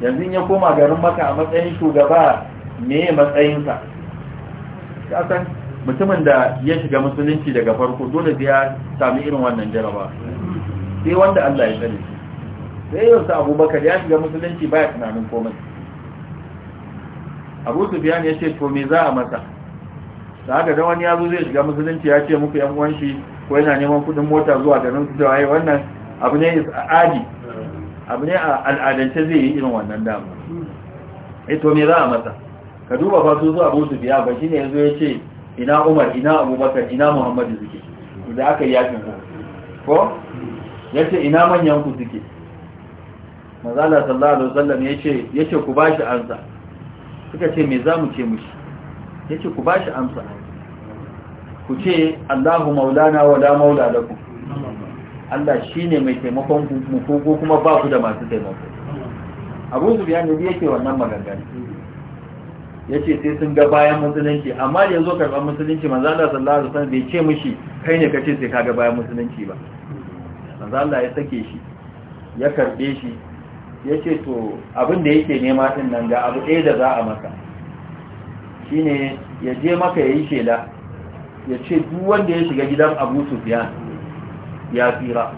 yanzu ya koma garin maka a matsayin shugaba me matsayinsa kasan mutumin da ya shiga musulunci daga farko dole da ya sami irin wannan jaraba sai wanda Allah ya sani. sai yau sa abubakar ya shiga musulunci ba ya tunanin komai abu sufiyan ya ce to me za a masa da haka da wani yazo zai shiga musulunci ya ce muku yan uwan shi ko yana neman kudin mota zuwa garin su da waye wannan abu ne adi abu ne a al'adance zai yi irin wannan dama eh to me za a masa ka duba fa su abu su biya ba shine yanzu ya ce ina umar ina abubakar ina muhammadu suke da aka yi yakin ku ko ya ce ina manyan ku suke mazala sallallahu alaihi wasallam ya ce ku bashi amsa suka ce me za mu ce mushi ya ce ku bashi amsa ku ce allahu maulana wa la maula ku. Allah shi ne mai taimakon ku ko kuma ba ku da masu taimako abu su biya ne yake wannan maganganu ya ce sai sun ga bayan musulunci amma da ya zo karɓar musulunci za Allah sallallahu alaihi wasallam bai ce mishi kai ne kace sai ka ga bayan musulunci ba manzo Allah ya sake shi ya karbe shi ya ce to abin da yake nema din nan ga abu ɗaya da za a maka shine ya je maka ya yi shela ya ce duk wanda ya shiga gidan Abu Sufyan ya tsira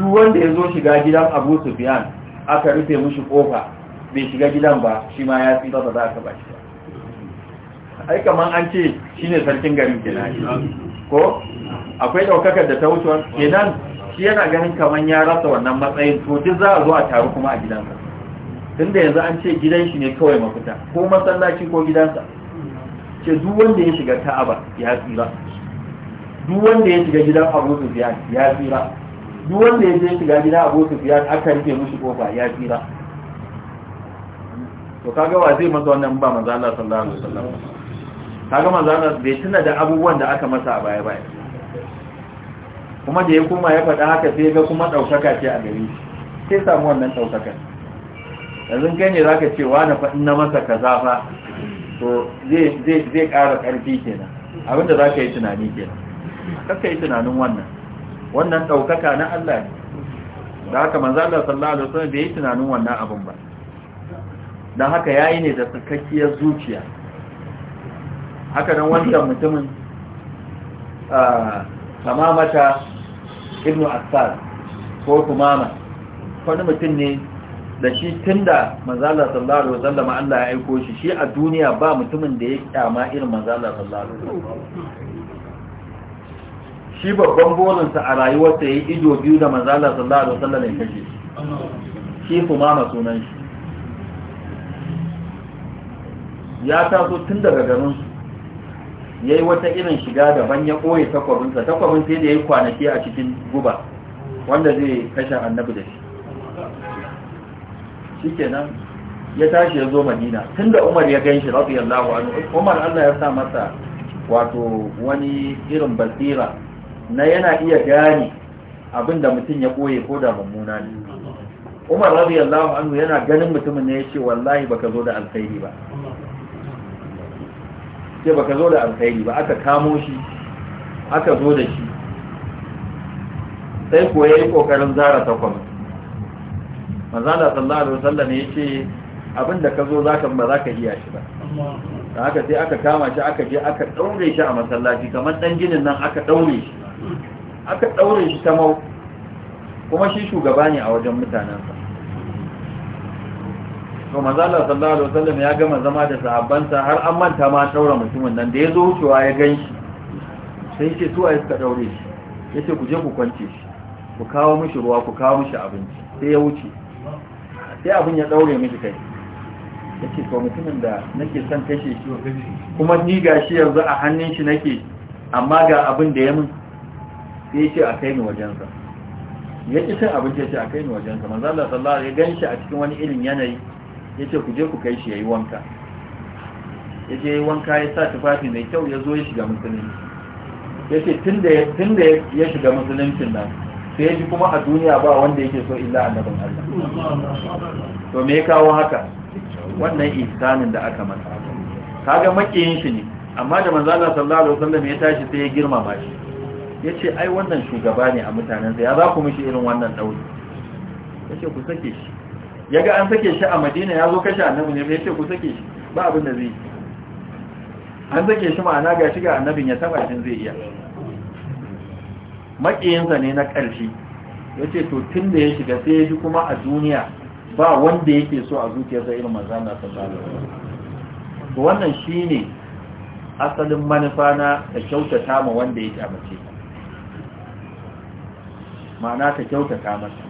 duk wanda ya zo shiga gidan Abu Sufyan aka rufe mishi kofa bai shiga gidan ba shi ma ya tsira ba za ka ba shi ai kaman an ce shi ne sarkin garin ke ko akwai daukakar da ta wuce nan shi yana ganin kaman ya rasa wannan matsayin to duk za a zo a taru kuma a gidansa da yanzu an ce gidan shi ne kawai mafita ko masallaci ko gidansa ce duk wanda ya shiga ta'aba ya tsira duk wanda ya shiga gidan Abu Sufyan ya tsira duk wanda ya je shiga gidan Abu Sufyan aka rufe mushi kofa ya tsira to kaga wa zai masa wannan ba manzo Allah sallallahu alaihi wasallam kaga manzo Allah bai tuna da abubuwan da aka masa a baya baya kuma da ya koma ya faɗa haka sai ga kuma daukaka ce a gari. sai samu wannan daukaka yanzu kai ne zaka ce wa na faɗin na masa kaza fa to zai zai zai ƙara ƙarfi kenan abinda zaka yi tunani kenan kaka yi tunanin wannan wannan daukaka na Allah ne da haka manzo Allah sallallahu alaihi wasallam bai yi tunanin wannan abin ba don haka ya yi ne da tsakakkiyar zuciya haka nan wancan mutumin tamamata ibn assad ko kumama wani mutum ne da shi tun da manzala sallallahu alaihi wasallam Allah ya aiko shi shi a duniya ba mutumin da ya kyama irin manzala sallallahu alaihi wasallam shi babban bolinsa a rayuwarsa ya yi ido biyu da manzala sallallahu alaihi wasallam ya kashe shi kumama sunan shi ya taso tun daga garinsu ya yi wata irin shiga daban ya ɓoye takwabinsa takwabin sai da ya yi kwanaki a cikin guba wanda zai kashe annabi da shi shi kenan ya tashi ya zo madina tun da umar ya gan shi radiyallahu anhu umar allah ya sa masa wato wani irin basira na yana iya gane abin da mutum ya ɓoye ko da mummuna ne umar radiyallahu anhu yana ganin mutumin ne ya ce wallahi baka zo da alkhairi ba sai baka zo da alkhairi ba aka kamo shi aka zo da shi sai ko yayi kokarin zara takwas Allah sallallahu alaihi wasallam yace abinda ka zo zaka ba zaka iya shi ba dan haka sai aka kama shi aka je aka daure shi a masallaci kamar dan ginin nan aka daure shi aka daure shi ta mau kuma shi shugaba ne a wajen mutanen sa to manzala sallallahu alaihi wasallam ya gama zama da sahabbansa har an manta ma taura mutumin nan da ya zo wucewa ya ganshi. sai ce su ayi suka daure shi yace ku je ku kwance shi ku kawo mishi ruwa ku kawo mishi abinci sai ya wuce sai abin ya daure mishi kai yace to mutumin da nake son kashe shi kuma ni gashi yanzu a hannun shi nake amma ga abin da ya min sai yace a kai ni wajensa ya ƙi sai abinci ya ce a kai ni wajensa manzala sallallahu alaihi wasallam ya ganshi a cikin wani irin yanayi yace ku je ku kai shi ya yi wanka ya je wanka ya sa tufafi mai kyau ya zo ya shiga musulunci ya ce tun da ya shiga musuluncin nan sai ya kuma a duniya ba wanda yake so illa annabi Allah to me ya kawo haka wannan ihsanin da aka masa kaga makiyin shi ne amma da manzo Allah sallallahu alaihi wasallam ya tashi sai ya girmama shi yace ai wannan shugaba ne a mutanen sa ya za ku mishi irin wannan dauki yace ku sake shi ya ga an sake shi a madina ya zo kashe annabi ne ya ce ku sake shi ba abin da zai an sake shi ma'ana ga shiga annabin ya taba shi zai iya maƙiyinsa ne na ƙarshe ya ce to tun da ya shiga sai ya ji kuma a duniya ba wanda yake so a zuciyarsa irin manzan na sallallahu Ba wannan shine asalin manufa na ta kyautata ma wanda ya mace, ma'ana ta kyautata masa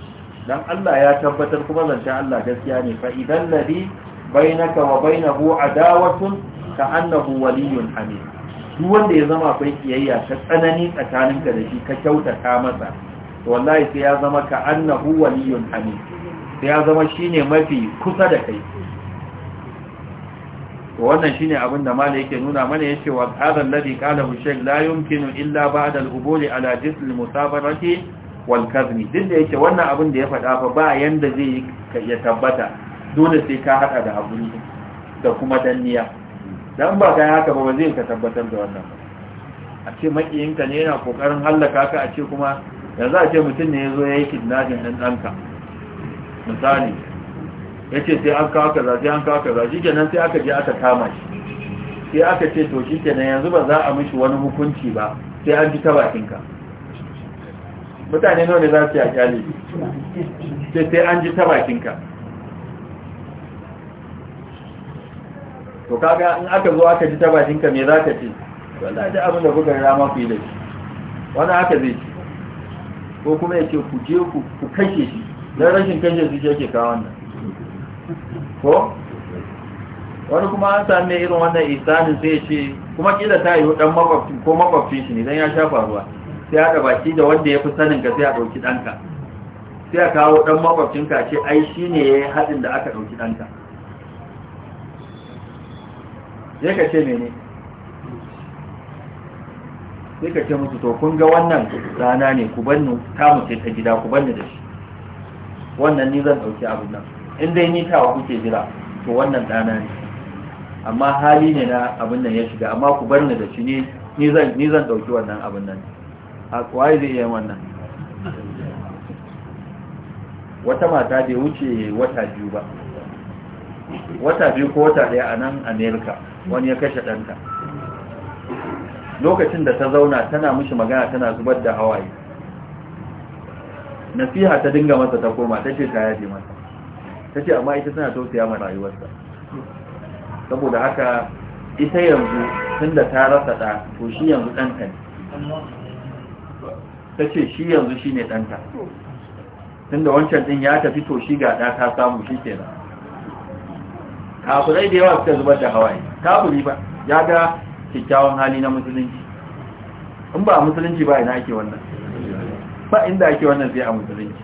dan Allah ya tabbatar kuma zancen Allah gaskiya ne fa idan ladhi bainaka wa bainahu adawatun ka annahu waliyyun amin duk wanda ya zama akwai kiyayya ta tsanani tsakaninka da shi ka kyautata masa to wallahi sai ya zama ka annahu waliyyun amin sai ya zama shine mafi kusa da kai to wannan shine abin da malai yake nuna mana yace wa hadha alladhi Kala shaykh la yumkinu illa ba'da al-ubuli ala jisl musabarati wal kazmi duk da yake wannan abin da ya faɗa fa ba yanda zai ya tabbata dole sai ka hada da abun da kuma danniya dan ba kai haka ba ba zai ka tabbatar da wannan a ce makiyinka ne yana kokarin hallaka ka a ce kuma yanzu a ce mutum ne ya zo ya yi kidnapping ɗin ɗanka misali ya ce sai an kawo kaza sai an kawo kaza shi kenan sai aka je aka kama shi sai aka ce to shi kenan yanzu ba za a mishi wani hukunci ba sai an ji ta bakinka mutane nawa ne za su yi a kyale sai sai an ji ta bakinka to kaga in aka zo aka ji ta bakinka me za ka ce wanda ji abin da kuka rama ku yi da shi wani haka zai ce ko kuma ya ce ku je ku kashe shi don rashin kashe su shi yake kawo wannan ko wani kuma an sami irin wannan isanin sai ce kuma kila ta yi ɗan makwabci ko makwabcin shi ne don ya sha faruwa. sai aka baki da wanda ya fi sanin ka sai a ɗauki ɗanka sai a kawo ɗan makwabcinka ce ai shi ne ya yi haɗin da aka ɗauki ɗanka sai ka ce mene sai ka ce musu to kun ga wannan rana ne ku bannu ta mace ta gida ku bannu da shi wannan ni zan ɗauki abin nan in dai ni tawa kuke jira to wannan ɗana ne amma hali ne na abin nan ya shiga amma ku bannu da shi ni zan ɗauki wannan abin nan ne a zai iya wannan wata mata bai wuce wata biyu ba wata biyu ko wata daya a nan amerika wani ya kashe ɗanta lokacin da ta zauna tana mishi magana tana zubar da hawaye nasiha ta dinga masa ta koma ta ce ta yaje masa ta ce amma ita tana tausaya ma rayuwarsa saboda haka ita yanzu tun da ta rasa ɗa to shi yanzu ɗanta ne ta ce shi yanzu shi ne ɗanta Tun da wancan ɗin ya tafi to shi ga ɗa ta samu shi ke nan kafirai da yawa suka zubar da hawaye kafiri ba ya ga kyakkyawan hali na musulunci in ba a musulunci ba ina ake wannan ba inda ake wannan sai a musulunci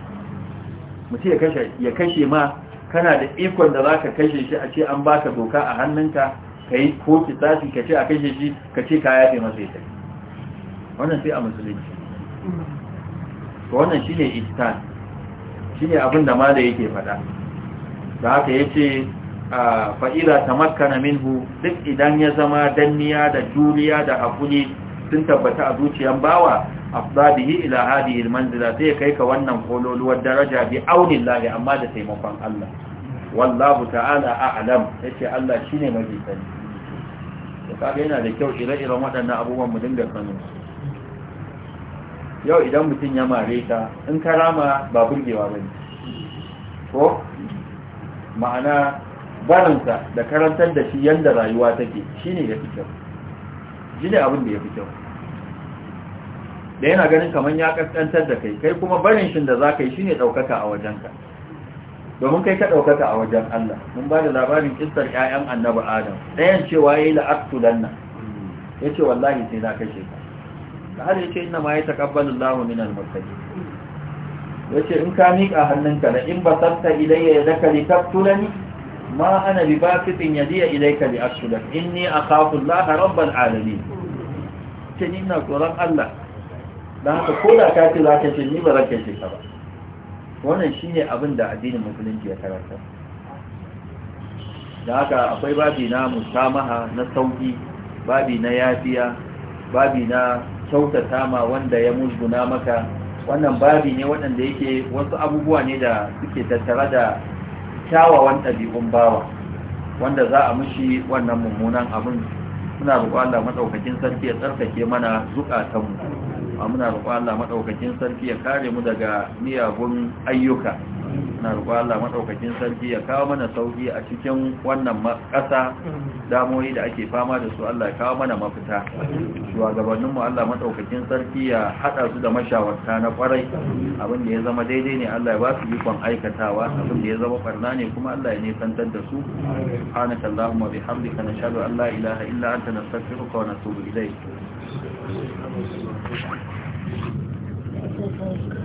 mutum ya kashe ma kana da ikon da za ka kashe shi a ce an ba ka doka a hannunka ka yi ko ki tsasi ka ce a kashe shi ka ce ka yafe masa ya wannan sai a musulunci wannan shi ne istan Shi ne abin da mala yake faɗa da haka ya ce yace fa'ida tamakkana minhu duk idan ya zama danniya da juriya da hakuri sun tabbata a zuciyan bawa afdadihi ila ilman zira sai ya kai ka wannan kololuwar daraja bi lahi, amma da taimakon Allah wallahu ta'ala a a'lam ce Allah shi ne mafi sani da kaga yana da kyau ire-iren waɗannan abubuwan mu dinga sanin su yau idan mutum ya mare ka in rama ba burgewa ba ne ko ma'ana barinsa da karantar da shi yadda rayuwa take shi ne ya fi kyau shi ne abin da ya fi kyau da yana ganin kamar ya kaskantar da kai kai kuma barin shi da za ka yi shi ne ɗaukaka a wajenka domin kai ka ɗaukaka a wajen Allah mun ba da labarin kistar 'ya'yan annabi adam ɗayan cewa ya yi la'aktu lanna ya ce wallahi sai na kashe ka har yace inna ma yataqabbalu Allahu al muttaqin yace in ka mika hannunka na, in basanta ilayya yadaka taqtulani ma ana bi basitin yadiya ilayka li ashhadaka inni akhafu Allah rabbal alamin ce ni ina tsoron Allah dan haka ko da ka ce za ka ce ni ba zan ce ka ba wannan shine abin da addinin musulunci ya karanta da haka akwai babi na musamaha na sauki babi na yafiya babi na kyautata ma wanda ya musguna maka wannan babi ne waɗanda yake wasu abubuwa ne da suke tattara da kyawawan ɗabi'un bawa wanda za a mushi wannan mummunan abin muna roƙo Allah madaukakin sarki ya tsarkake mana zukatanmu muna roƙo Allah madaukakin sarki ya kare mu daga miyagun ayyuka na roƙon Allah madaukakin sarki ya kawo mana sauki a cikin wannan ƙasa damoyi da ake fama da su Allah ya kawo mana mafita shugabannin mu Allah madaukakin sarki ya haɗa su da mashawarta na kwarai abin da ya zama daidai ne Allah ya ba su ikon aikatawa abin da ya zama barna ne kuma Allah ya nisantar da su subhanaka wa bihamdika na an la ilaha illa anta nastaghfiruka wa natubu ilayk Thank you.